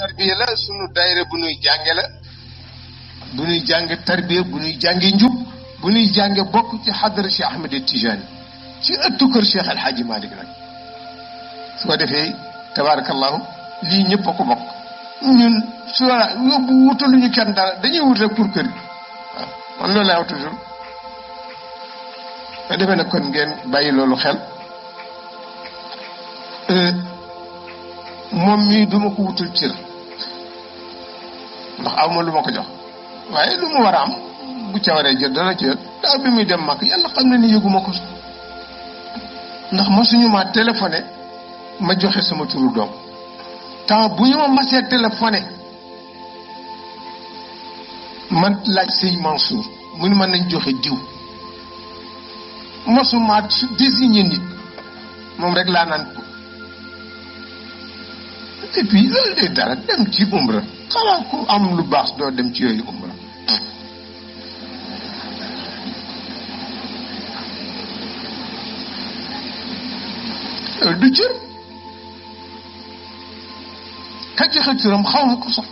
tarbiya la sunu daayira bu nuy jànge la bu nuy jànge tarbiya bu nuy jàngee njub bu nuy jànge bokk ci xadara Cheikh Ahmed Tijani ci ëttu kër Cheikh El Hadji Malick su ko defee tabaarakallahu lii ñëpp a bokk ñun su yóbbu wutaluñu kenn dara dañuy wut rek pour kër gi waaw man loolu nag kon ngeen bàyyi loolu xel euh, moom mii duma ko wutal cër ndax aw ma lu ma ko jox waaye lu mu war a am bu ca waree jël dana jël daaw bi muy dem màkk yàlla xam ne ni yëguma ko ndax ma suñu ma téléphoné ma joxe sama turu doom temps bu ñu ma masee téléphoné man laaj sëñ Mansour mu ne man nañ joxe diw masumaat désigné nit moom rek laa naan et puis euh, loolu de dara dem ci umra xanaa ku am lu baax doo dem ci yooyu umra euh, du cër kàcce xëccuram xaw ma ko sax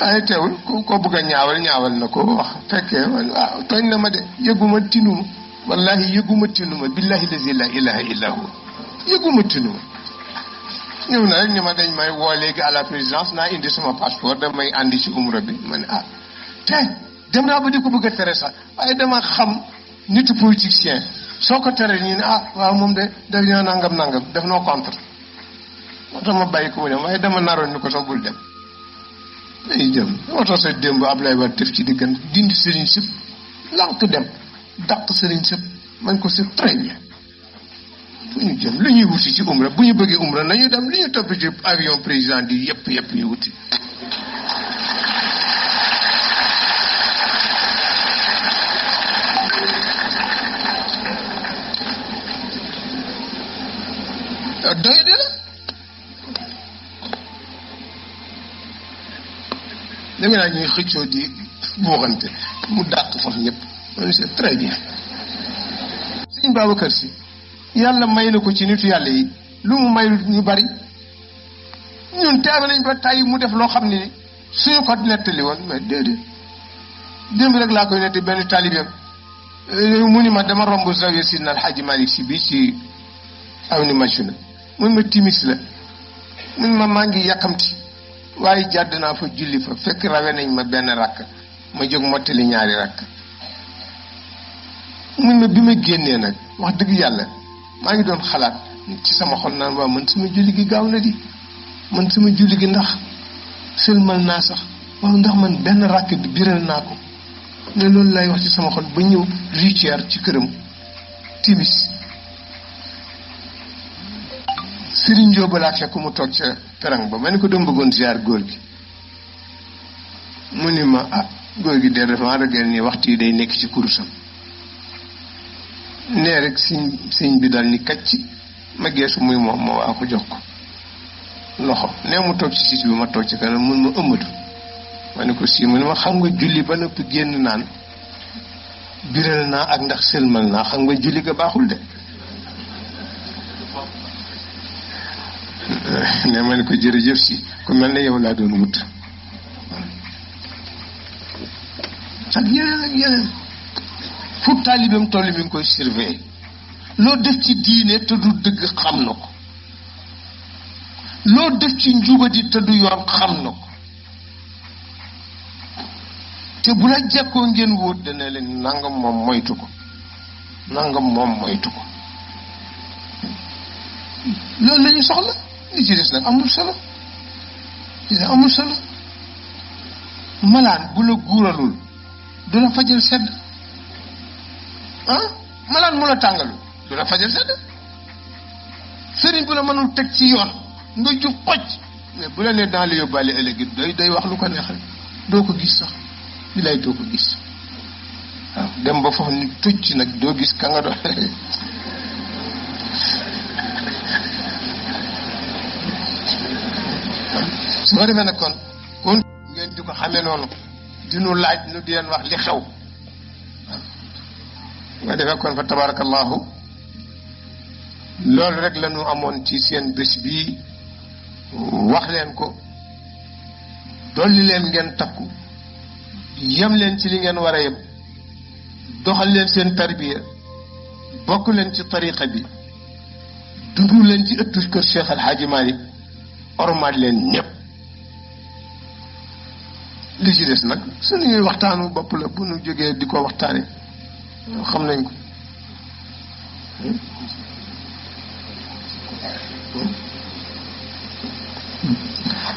waaye teewul ko ko bëgg a ñaawal ñaawal na ko wax fekkee waaw tooñ na ma de yëguma tinuma wallahi yëguma tinuma billahi lazi la ilaha illa hu yëguma tinuma ñëw na rek ni ma dañ may woo léegi à la présidence naa indi sama passeport damay àndi ci umra bi ma ne ah te dem naa ba di ko bëgg a tere sax waaye dama xam nitu politicien soo ko tere ñu ne ah waaw moom de def ñoo nangam nangam def noo contre moo tax ma bàyyi ko mu dem waaye dama naroon ni ko sax bul dem dañuy dem moo tax sa démb Ablaye Wade def ci diggante dindi sëriñ sëpp lànk dem dàq sëriñ sëpp nañ ko c'est très bien fu ñu jëm li ñuy wuti ci umra bu ñu bëggee umra nañu dem li ñu topp ci avion président di yëpp yëpp yu wuti doy de naa ñuy xëccoo di buuxante mu dàq foofu ñëpp loolu c'est très Si yàlla may na ko ci nitu yàlla yi lu mu may ñu bari ñun teewe nañ ba tàyyi mu def loo xam ne suñu ko nettali woon mais déedéet démb rek laa koy netti benn taalibeem mu ni ma dama romb zawiya Sidna Alxaaji Malik Si bi si aw ni machu na mun ma timis la mun ma maa ngi yàkkamti waaye jàdd naa fa julli fa fekk rawe nañ ma benn rakk ma jóg mottali ñaari rakk mun ma bi ma génnee nag wax dëgg yàlla maa ngi doon xalaat ci sama xol naan waaw man sama julli gi gaaw na di man sama julli gi ndax sëlmal naa sax waaw ndax man benn ràkk bi biral naa ko ne loolu lay wax ci sama xol ba ñëw Richard ci këram tibis Sëriñ Njóoba laa fekk mu toog ca perang ba ma ne ko doon bëggoon ziar góor gi mu ni ma ah góor gi de dafa maa ragal ni waxtu yi day nekk ci kurusam nee rek siñ siñ bi dal ni kacc ma geesu muy moom ma waa ko jox ko loxo nee mu toog ci siis ci kanam mun ëmmatu ma ko sii mu ne ma xam nga julli ba noppi génn naan biral naa ak ndax sëlmal naa xam nga julli ga baaxul de ne ma ne ko jërëjëf si ku mel ne yow laa doon wut fu taalibeem toll bi nga koy surveiller loo def ci diine te du dëgg xam na ko loo def ci njubadi te du yoon xam na ko te bu la jekkoo ngeen wóor dana leen nangam moom moytu ko nangam moom moytu ko loolu lañu soxla li ci des nag amul solo li amul solo malaan bu la guuralul du la fajal sedd malaan mu la tàngalu du la fajal sedd sëriñ bu la mënul teg ci yoon nga jub xoj mais bu la nee dans le yóbbaale ëllëg day day wax lu ko neex rek doo ko gis sax bilaay doo dem ba foofu ni tucc nag doo gis kanga nga doon soo defee nag kon kon ngeen di ko xamee noonu di nu laaj nu di leen wax li xew nga defee kon fa tabarakallahu loolu rek la ñu amoon ci seen bés bi waxleen ko dolli leen ngeen takku yem leen ci li ngeen war a yem doxal leen seen tarbiya bokk leen ci tariqa bi dundu leen ci ëttu kër Cheikh Al Hadji Malick ormaat leen ñëpp li ci des nag suñuy waxtaanu bopp la bu nu jógee di ko waxtaanee. xam nañ ko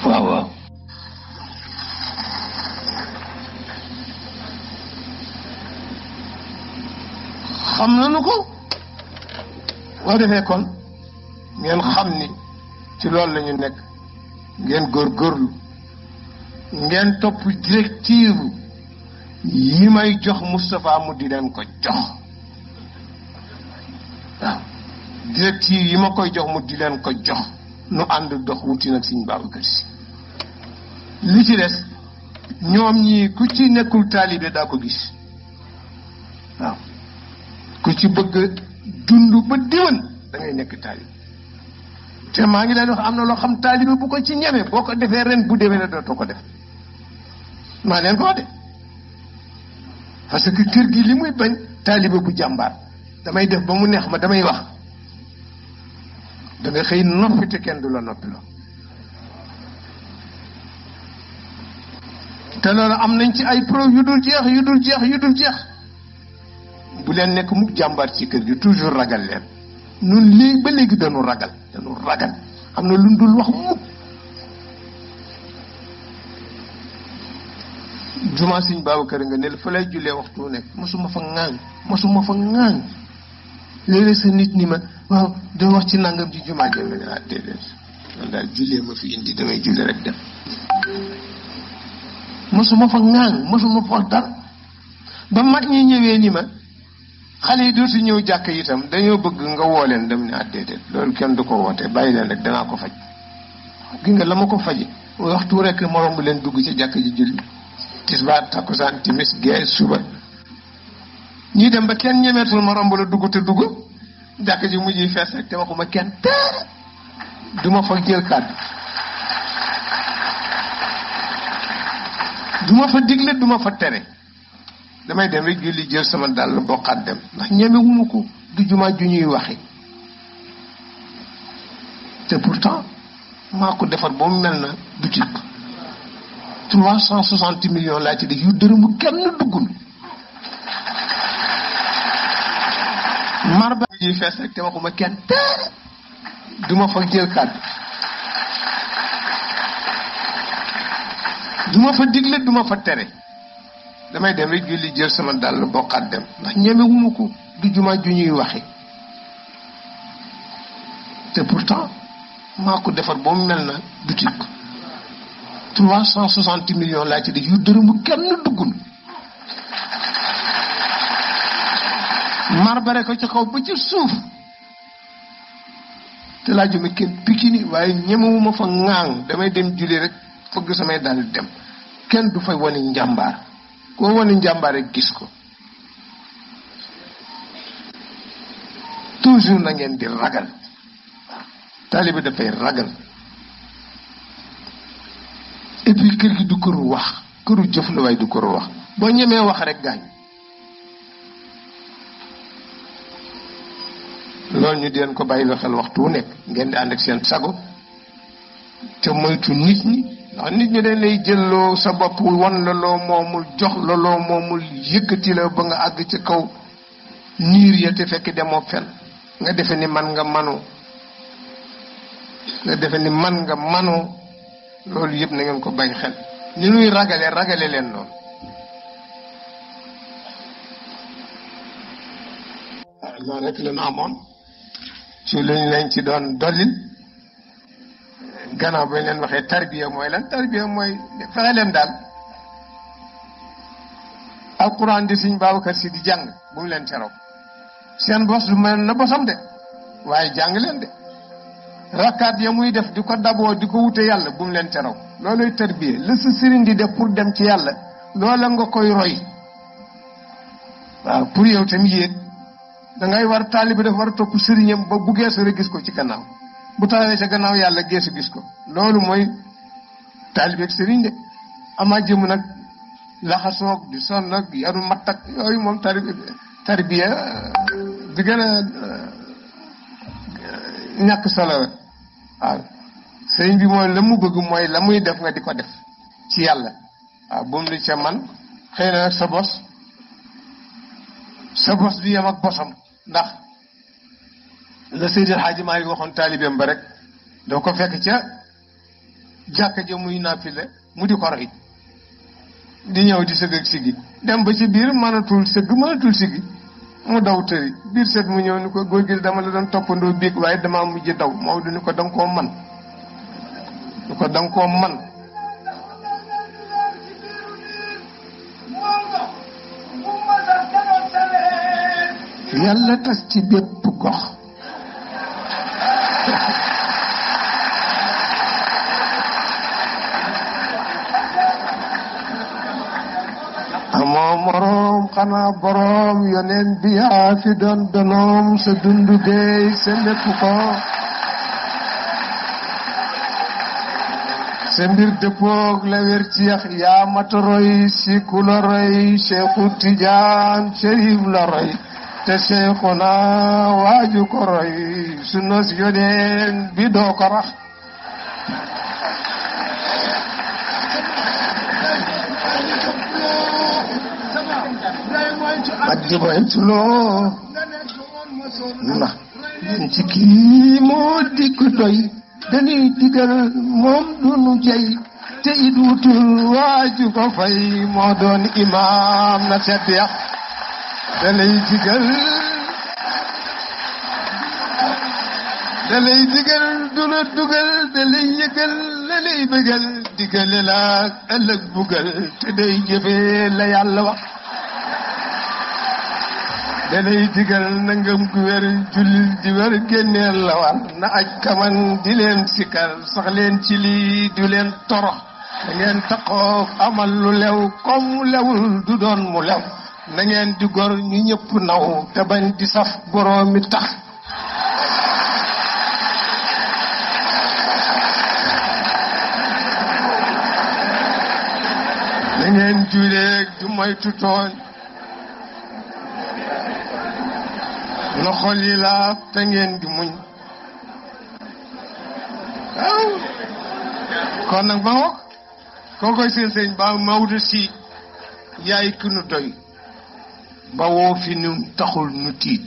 waaw waaw nu ko boo defee kon ngeen xam ni ci loolu la ñu nekk ngeen góorgóorlu ngeen topp directive yi may jox Moustapha mu di leen ko jox waaw directive yi ma koy jox mu di leen ko jox nu ànd dox wuti nag suñu Babacar Si li ci des ñoom ñi ku ci nekkul taalibe daa ko gis waaw ku ci bëgg dund ba diwan da nekk taalibe te maa ngi leen wax am na loo xam taalibe bu ko ci ñeme boo ko defee ren bu déwénee dootoo ko def maa leen ko de parce que kër gi li muy bañ taaliba bu jàmbaar damay def ba mu neex ma damay wax da nga xëy noppi te kenn du la noppi la te loolu am nañ ci ay preuve yu dul jeex yu dul jeex yu dul jeex bu leen nekk mukk jàmbaar ci kër gi toujours ragal leen nun lii ba léegi dañu ragal dañu ragal am na lu dul wax mukk juma seigne babakar nga nel fa lay julle waxtu nek musuma fa ngaan musuma fa ngaan lélé sa nit ni ma waaw do wax ci nangam ci juma jël nga ah, dédé da julle ma fi indi damay julle rek dem musuma fa ngaan musuma fa dar ba mat ñi ñewé ni ma do dootu ñew jakk itam dañu bëgg nga wolen dem ne ah, dede lool kenn du ko woote bayina leen da nga ko faj gi nga lama ko faj waxtu rek morom leen dugg ci jakk ji julli tisbaar takkusaan timis gee suba ñuy dem ba kenn ñemeetul ma romb la dugg te dugg jàkk ji mujj yi fees rek te waxuma kenn dara duma fa jël kàddu duma fa digle duma fa tere damay dem rek julli jël sama dàll bokkaat dem ndax ñemewuma ko du jumaa ju ñuy waxi te pourtant maa ko defar ba mu mel na du trois cent soixante millions laa ci dégg yu dërëmu kenn duggul marba ñuy fees rek te waxuma kenn du ma fa jël kàddu du fa digle du fa tere damay dem rek julli jël sama dàll bokkaat dem ndax ñeme ko du jumaa ju ñuy waxe te pourtant maa ko defar ba mu mel na du tikk 360 millions la ci def yu deureum kenn duggul marbare ko ci xaw ba ci suuf te jume kenn pikini waye ñemewuma fa ngang damay dem julli rek fëgg samay dal dem kenn du fay woni njambar ko woni njambar rek gis ko toujours na ngeen di ragal talibi fay ragal et puis kër gi du këru wax këru jëf la way du këru wax bo ñemee wax rek gaañ lool ñu ko bàyyi xel waxtu wu nekk ngeen di ànd ak seen sago te moytu nit ñi ndax nit ñi dañ lay jëlloo sa bopp won la loo moomul jox la loo moomul yëkkati la ba nga àgg ci kaw niir ya te fekk demoo fen nga defe ni man nga manu nga defe ni man nga manoo loolu yëpp na ngeen ko bàyyi xel ni ñuy ragale ragale leen noonu loolu rek lañu amoon ci lu ñu leen ci doon dollil gannaaw ba ñu leen waxee tarbiya mooy lan tarbiya mooy fexe leen daal alquran di suñ Babacar Si di jàng bu leen teroo seen bos lu mel na bosam de waaye jàng leen de rakkaat ya muy def di ko daboo di ko wute yàlla bu mu leen teraw looluy tarbiya la sa sëriñ di def pour dem ci yàlla loola nga koy roy waaw pour yow tam yéeg da ngay war taalibi dafa war a topp sëriñam ba bu geesu rek gis ko ci gannaaw bu taxawee sa gannaaw yàlla geesu gis ko loolu mooy taalibi ak de amaa jëm nag laxasoog di sonn nag yaru mattak yooyu moom tari tarbiya gën a euh, ñàkk solo waaw sëriñ bi mooy la mu bëgg mooy la muy def nga di ko def ci yàlla waaw bu mu lu ca man xëy sa bos sa bos du yem ak bosam ndax la Seydil Hadji Malick waxoon taalibeem ba rek doo ko fekk ca jàkka ja muy naafile mu di ko roy di ñëw di sëgg ak siggi dem ba ci biir mënatul sëgg mënatul siggi mu daw tëri biir set mu ñëw ni ko góor gi dama la doon toppandoo biig waaye damaa mujj daw Maodo ni ko danga koo man ni ko danga koo man yàlla tas ci bépp gox moroom xanaa boroom yoneen bi yaa fi doon donoom dundu dey sa lépp ko sa mbir dëppoog la wér ci yax yaa mata roy si ku la roy Cheikhu Tijaan Cherif la roy te Cheikhuna waaju ko su nos yoneen bi doo rax ak di ko intuloo ndax ci kii moo dikk doy dañuy digal moom dunu jey te it wutul waaju ko fay moo doon imaam na sedd ya dalay digal dalay digal du la dugal dalay yëgal la lay bëggal digale la ëllëg bugal te day jëfee la yàlla wax te day digal nangam ku wér jullit di wér génneel la na aj kaman di leen sikar sax leen ci lii du leen torox ngeen taqoo amal lu lew comme mu lewul du doon mu lew na ngeen di gor ñu ñëpp naw te bañ di saf boroomi tax ngeen juuleeg du moytu tooñ na xol yi laaf te ngeen di muñ kon nag ma ngoog koo koy seen sëñ ba Maodo si yay ki nu doy ba woo fi nun taxul nu tiit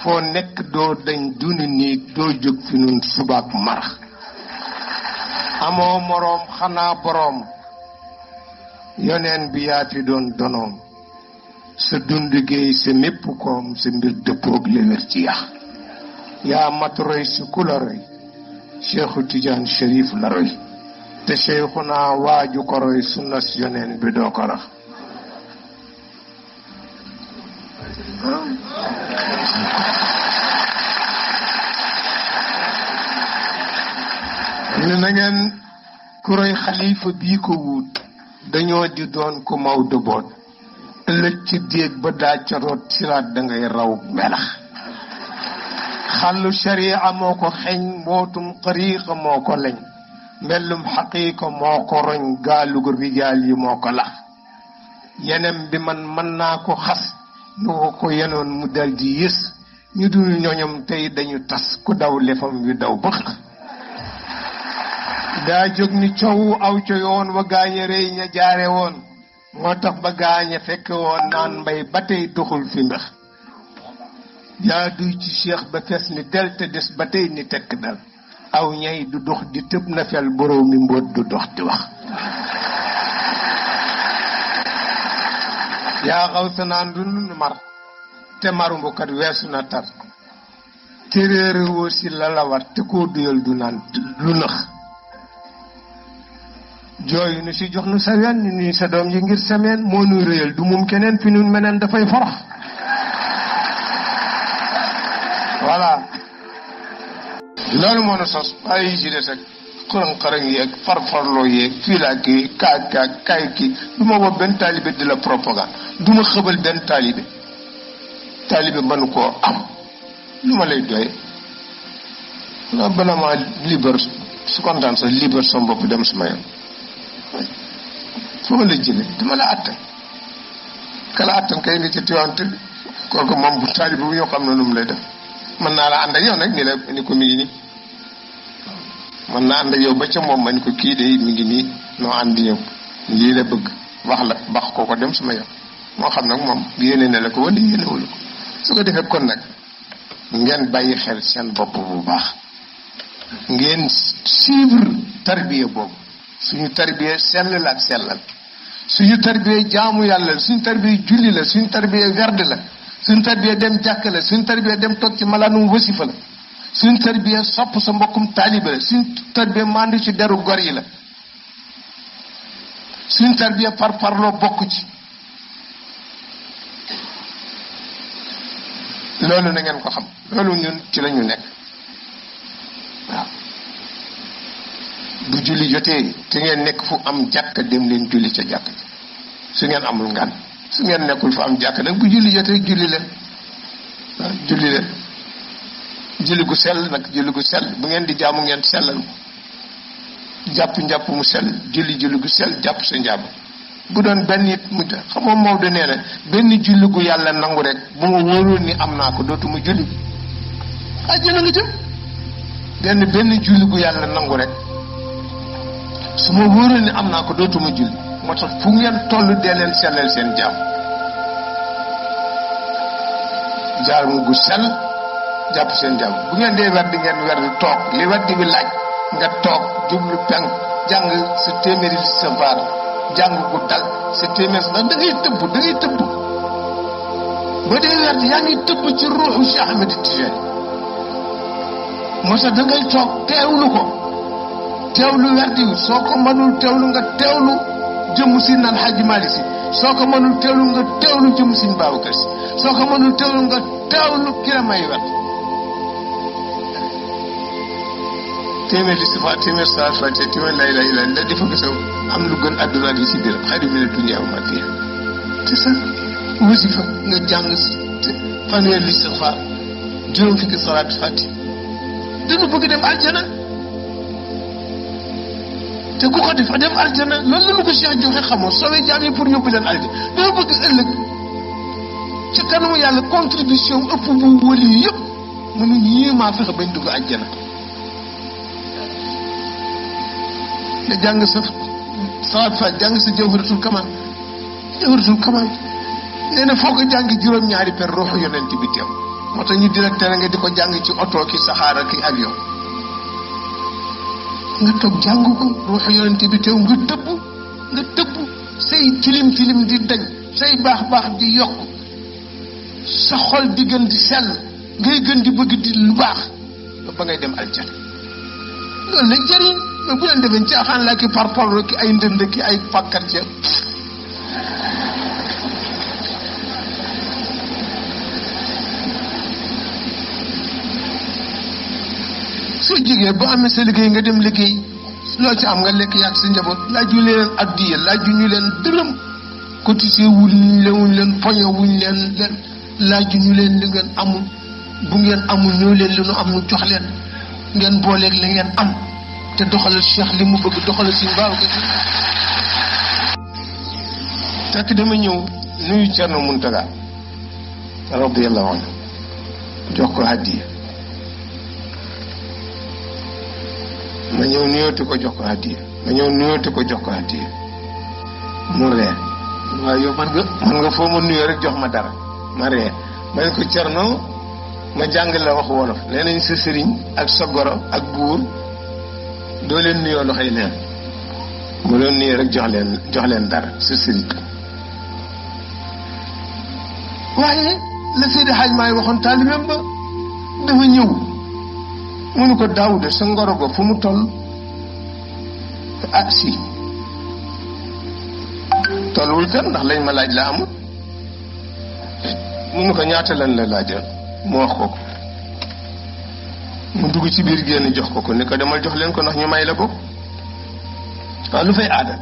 foo nekk doo dañ duni nii doo jóg fi nun subaak marax amoo moroom xanaa boroom yoneen bi yaa fi doon donoom sa dund géey sa mépp koom sa mbir dëppoog léwér ci yax yaa mat roy si ku la roy cheikhu Tidiane Chérif la roy te cheikhuna waaju ko roy sunna si yoneen bi doo ko rax ne na ngeen ku roy xalifa bii ko wut dañoo di doon ku Maodo boot ëllëg ci déeg ba daa ca root siraat da ngay raw melax xàllu sharia moo ko xeñ mbootum xariqa moo ko leñ mbellum xaqiiqa moo ko roñ gaalugu rijaal yi moo ko lax yenem bi man mën naa ko xas nu ko ko yenoon mu dal di yës ñu dul ñoñom tey dañu tas ku daw lefam yu daw bëx daa jóg ni coow aw ca wa gaañe rëy ña jaare woon moo tax ba gaañe fekke woon naan mbay ba tey doxul fi ndax jaaduy ci cheikh ba fees ni del te des ba tey ni tekk dal aw ñay du dox di tëb na fel borom mi mbóot du dox di wax yaa xaw sa naan du nu mar te marumbu weesu na tar te réere woo si la te koo duyal du naan lu nëx jooyu nu si jox nu saween nu nuy sa doom yi ngir semaine moo nuy réyal du moom keneen fi nun meneen dafay forox voilà loolu moo na sos bàyyi si des ak xërëng-xërëng yeeg farfarloo yeeg fii laa kii kaag kaag kaay kii du ma woo benn taalibe di la propagande du ma xëbal benn taalibe taalibe mënu koo am lu ma lay doy na bana ma libre su kontaan sax libre sama bopp dem sama yoon fu la jëlee dama la attan kala attan kay nga ci tiwante kooku moom bu taali bu ñoo xam na nu mu lay def mën naa la ànd ak yow nag ni la ni ko mi ngi nii mën naa ànd ak yow ba ca moom ma ni ko kii de mu ngi nii noo ànd ñëw lii la bëgg wax la bax ko ko dem suma yow moo xam nag moom yéene ne la ko wala yéene wala ko su ko defee kon nag ngeen bàyyi xel seen bopp bu baax ngeen suivre tarbiya boobu suñu tarbiya sell la ak sellal suñu tarbiya jaamu yàlla suñu tarbiya julli la suñu tarbiya werd la suñu tarbiya dem jàkk la suñu tarbiya dem toog ci malaanum wasifa la suñu tarbiya sopp sa mbokkum taaliba la suñu tarbiya mandu ci deru gor yi la suñu tarbiya par bokk ci loolu na ngeen ko xam loolu ñun ci lañu nekk bu julli jotee te ngeen nekk fu am jàkk dem leen julli ca jàkk su ngeen amul ngan su ngeen nekkul fu am jàkk nag bu julli jotee julli leen ah, julli leen julli gu sell nag julli gu sell bu ngeen di jaamu ngeen sellal japp jàpp njàpp mu sell julli julli gu sell japp sa njàpp bu doon benn it mu xam moo da nee na benn julli gu yàlla nangu rek bu ma wóoroon ni am naa ko dootuma julli àjjana nga jëm benn benn julli gu yàlla nangu rek suma ma ni ne am naa ko dootuma julli moo tax fu ngeen toll dee leen sellal seen jaam jaar mu gu sell jàpp seen jaam bu ngeen dee werd ngeen werd toog li werd bi laaj nga toog jublu penk jàng sa téeméeri sa vaar jàng gu dal sa téeméer ndax da ngay tëbb da ngay tëbb ba dee werd yaa ngi tëbb ci ruuxu Cheikh Ahmed Tijani moo tax da ngay toog teewlu ko teewlu lu wi soo ko mënul teewlu nga teewlu jëmm si naan Xaaji Maalik Si soo ko mënul teewlu nga teewlu jëmm si Babacar Si soo ko mënul teewlu nga teewlu ki la may wet téeméeri si fa téeméer saa lu gën àdduna ak yi si biir xarit salaat fàtte dina bëgg dem àjjana te ku ko def def aljana loolu la ñu ko Cheikh joxe xamoo sowe jaam yi pour yóbbu leen aljana dafa bëgg ëllëg ci kanamu yàlla contribution ëpp bu wëli yi yëpp mu ne ñii maa fexe bañ dugg aljana nga jàng sa sawaat jàng sa jawharatul kamal jawharatul kamal na foo ko jàng juróom-ñaari per ruuxu yonent bi teew moo tax ñu di nga di ko jàng ci oto ki saxaara ki avion nga toog jàngu ko ruuxu yonente bi teew nga tëbb nga tëbb say tilim tilim di dañ say baax baax di yokk sa xol di gën di sell ngay gën di bëgg di lu baax ba ngay dem aljan loolu nag jëriñ mais bu leen defee caaxaan laa ki par parlo ki ay ndënd ki ay pàkkat soo jógee boo amee sa liggéey nga dem liggéey loo ci am nga lekk yàgg si njaboot laaju leen addiya laaju ñu leen dërëm cotisé wuñ leen wuñ leen poño wuñ leen leen laaju ñu leen li ngeen amul bu ngeen amul ñëw leen li nu am nu jox leen ngeen booleeg li ngeen am te doxalal seex li mu bëgg doxalal suñu baaw ko fekk dama ñëw nuyu Cerno Muntaga radiyallahu anhu jox ko addiya ma ñëw nuyooti ko jox ko addiya ma ñëw nuyooti ko jox ko addiya mu ree waaye yow man nga man nga foo ma nuye rek jox ma dara ma ree ma ne ko cerno ma jàng la wax wolof nee nañ sa sëriñ ak sa goro ak buur doo leen nuyoo loxoy neen mu leen nuye rek jox leen jox leen dara sa sëriñ waaye la Seydi Hadj Maay waxoon taalibeem ba dafa ñëw mu ni ko de sa ngoro ko fu mu toll ak ah, si tolluwul kan ndax lañ ma laaj la amul mu ni ko ñaata lan la laajal mu wax ko ko mu dugg ci biir génn jox ko ko ni ko demal jox leen ko ndax ñu may la ko waaw ah, lu fay aada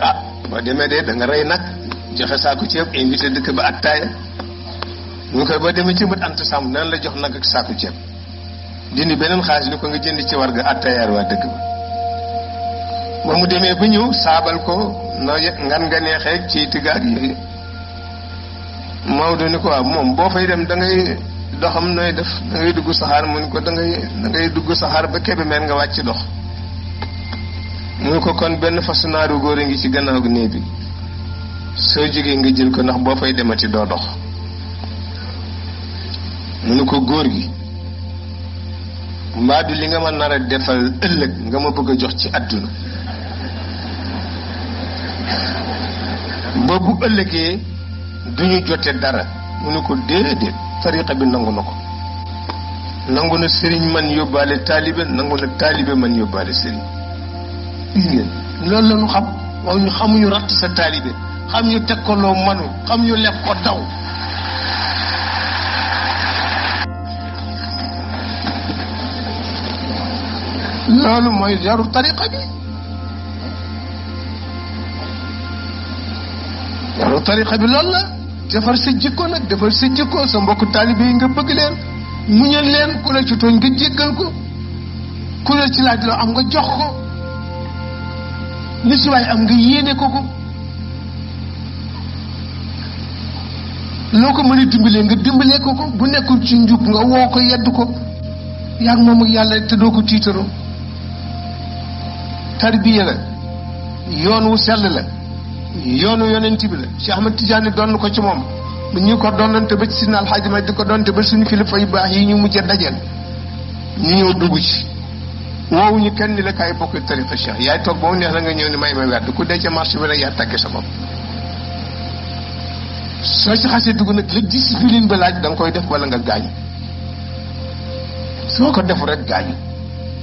ah boo demee de da nga rey nag joxe saaku ceeb invité dëkk ba attaaya mu ngi koy boo demee ci bët ant sàmm nan la jox nag ak saako ceeb dindi beneen xaalis ni ko nga jënd ci war ga attayaar waa dëkk ba ba mu demee ba ñëw saabal ko noo ngan nga neexee ci tiggaat yooyu Maodo ni ko waaw moom boo fay dem dangay ngay doxam nooy def da dugg saxaar mu ni ko da ngay dugg saxaar ba Kébémer nga wàcc dox mu ko kon benn fasu naaru góor a ngi ci gannaaw gi néeg bi soo jógee nga jël ko ndax boo fay demati doo dox mu ni ko góor gi mbaa du li nga ma nar a defal ëllëg nga ma bëgg a jox ci àdduna ba bu ëllëgee du ñu jote dara mu ne ko déedéet tariqa bi nangu na ko nangu na sëriñ man yóbbaale taalibe nangu na taalibe man yóbbaale sëriñ gis ngeen loolu la ñu xam waaw ñu xamuñu ratt sa taalibe xam ñu teg ko loo manu xam ñu leb ko daw loolu mooy jaru tariqa bi jaru tariqa bi loolu la defar sa jikko nag defar sa jikko sa mbokku taalibe yi nga bëgg leen muñal leen ku la ci tooñ nga jéggal ko ku la ci laaj loo am nga jox ko li si am nga yéene ko ko loo ko mën a dimbalee nga dimbalee ko ko bu nekkul ci njub nga woo ko yedd ko yaa ngi moom ak yàlla te doo ko tiitaroo tarbiya la yoon wu sell la yoonu yonent bi la Cheikh Ahmad Tidiane doon ko ci moom ñu ko doonante ba ci Sidna Alxaaji Maalik di ko doonte ba suñu kilifa yu baax yi ñu mujjee dajeel ñu ñëw dugg ci woowu kenn ni la kaay bokk tariqa Cheikh yaay toog ba mu neex la nga ñëw ni may ma wedd ku dee ca marché bi rek yaa tàggee sa bopp soo ci xasee dugg nag la discipline ba laaj danga koy def wala nga gaañu soo ko defu rek gaañu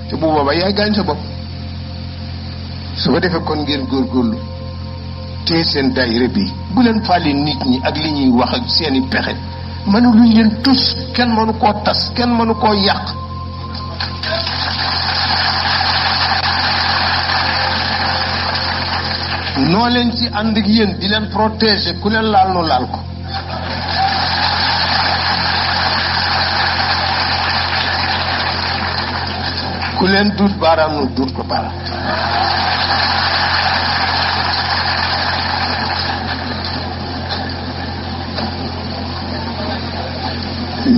te bu boobaa yaay gaañ sa bopp su ko defee kon ngeen góorgóorlu te seen daayira bi bu leen faale nit ñi ak li ñuy wax ak seeni pexe mënu luñ leen tus kenn mënu koo tas kenn mënu koo yàq noo leen ci ànd ak yéen di leen protéger ku leen laal nu laal ko ku leen duut baaraam nu duut ko baaraam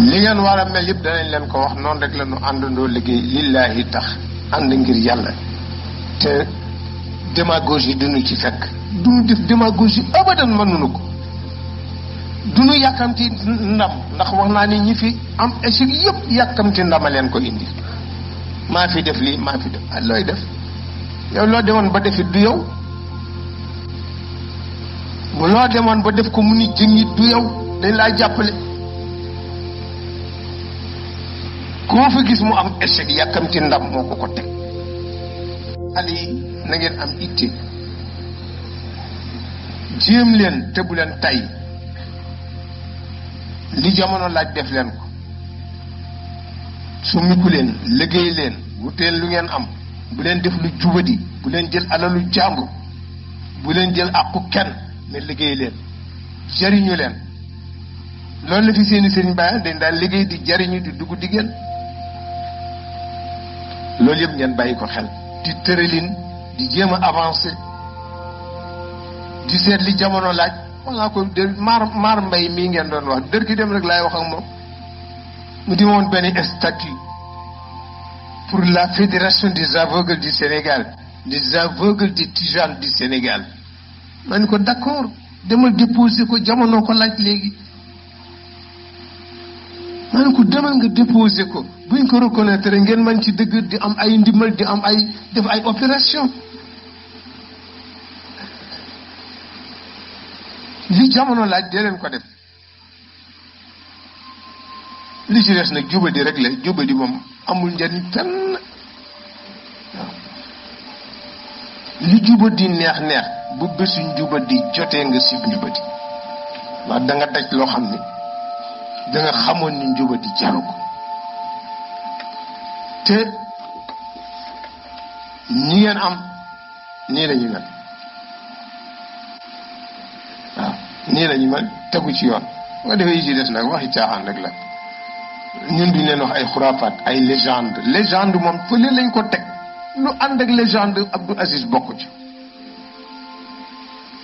li ngeen war a mel yëpp danañ leen ko wax noonu rek la ñu àndandoo liggéey lillaahi tax ànd ngir yàlla te démagogie duñu ci fekk duñu def démagogie abadan mënuñu ko duñu yàkkamti ndam ndax wax naa ni ñi fi am échec yëpp yàkkamti ndama leen ko indi maa fi def lii maa fi def a ah, looy def yow loo demoon ba defit du yow bu loo demoon ba def ko mu ni jëngit du yow dañ laa jàppale koo fa gis mu am échec yàkkamti ndam moo ko ko teg xale yi na am itte jéem leen te bu leen tay li jamono laaj def leen ko summiku leen liggéey leen wuteen lu ngeen am bu leen def lu jubadi bu leen jël alalu jàmbur bu leen jël àqu kenn mais liggéey leen jariñu leen loolu la fi seeni sëriñ bàyyi dañ daan liggéey di jariñu di dugg diggéen loolu yëpp ngeen bàyyi ko xel di tëralin di jéem a avancé di seet li jamono laaj wala ko de mar mar mbay mii ngeen doon wax dër gi dem rek laay wax ak moom mu di woon benn statut pour la fédération des aveugles du Sénégal des aveugles des tijanes du Sénégal man ko d'accord demal déposer ko jamono ko laaj léegi ma ne ko demal nga déposé ko buñ ko reconnaître ngeen man ci dëgg di am ay ndimbal di am ay def ay opération li jamono laaj dee ko def li ci des nag jubadi rek la jubadi moom amul njariñ fenn li jubadi neex neex bu bésuñ jubadi jotee nga siib jubadi waaw danga nga daj loo xam ne danga xamoon ni njubadi jaru ko te ñi ngeen am nii lañu ñu mel nii la ñu mel tegu ci yoon nga defee yi des nag waxi caaxaan rek la ñun duñ leen wax ay xuraafaat ay légende légende moom fële lañ ko teg lu ànd ak légende Abdou Aziz bokk ci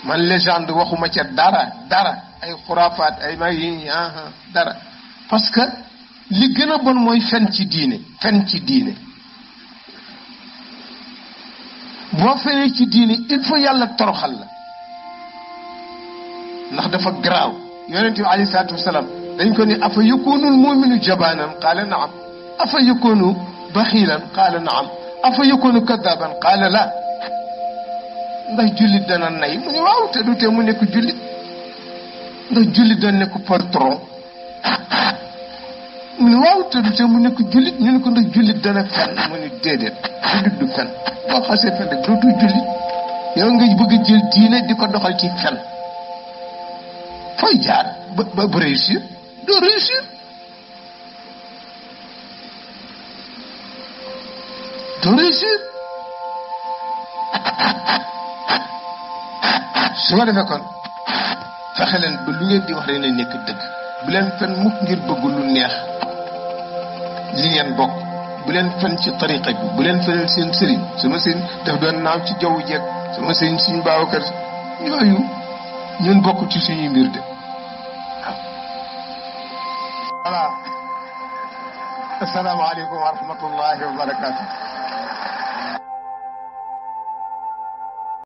man légende waxuma ca dara dara ay xuraafaat ay may dara parce que li gën a bon mooy fen ci diine fen ci diine boo fenee ci diine il faut yàlla toroxal la ndax dafa garaaw yonente bi alayhi salaatu wasalaam dañ ko ni afa yakunu lmuminu jabaanan qaala naam afa yakunu baxiilan qaala naam afa yakunu kadaban qaala laa ndax jullit dana nay mu ne waaw du tee mu nekk jullit ndax jullit dana nekk patron mu ne waaw du tee mu nekk jullit ñu ne ko ndax jullit dana fen mu ne déedéet du fen boo xasee fen rek dootul jullit yow nga bëgg a di ko doxal ci fen fooy ba ba réussir doo réussir doo réussir su ma defee kon fexe leen ba lu ngeen di wax dana nekk dëgg bu leen fen mukk ngir bëgg lu neex li ngeen bokk bu leen fen ci tariqa bi bu leen feneel seen sëriñ sama sëriñ daf doon naaw ci jaww jeeg sama sëriñ suñu baawakar yooyu ñun bokk ci suñuy mbir de waaw. voilà. asalaamaaleykum wa rahmatullahi wa barakaatu.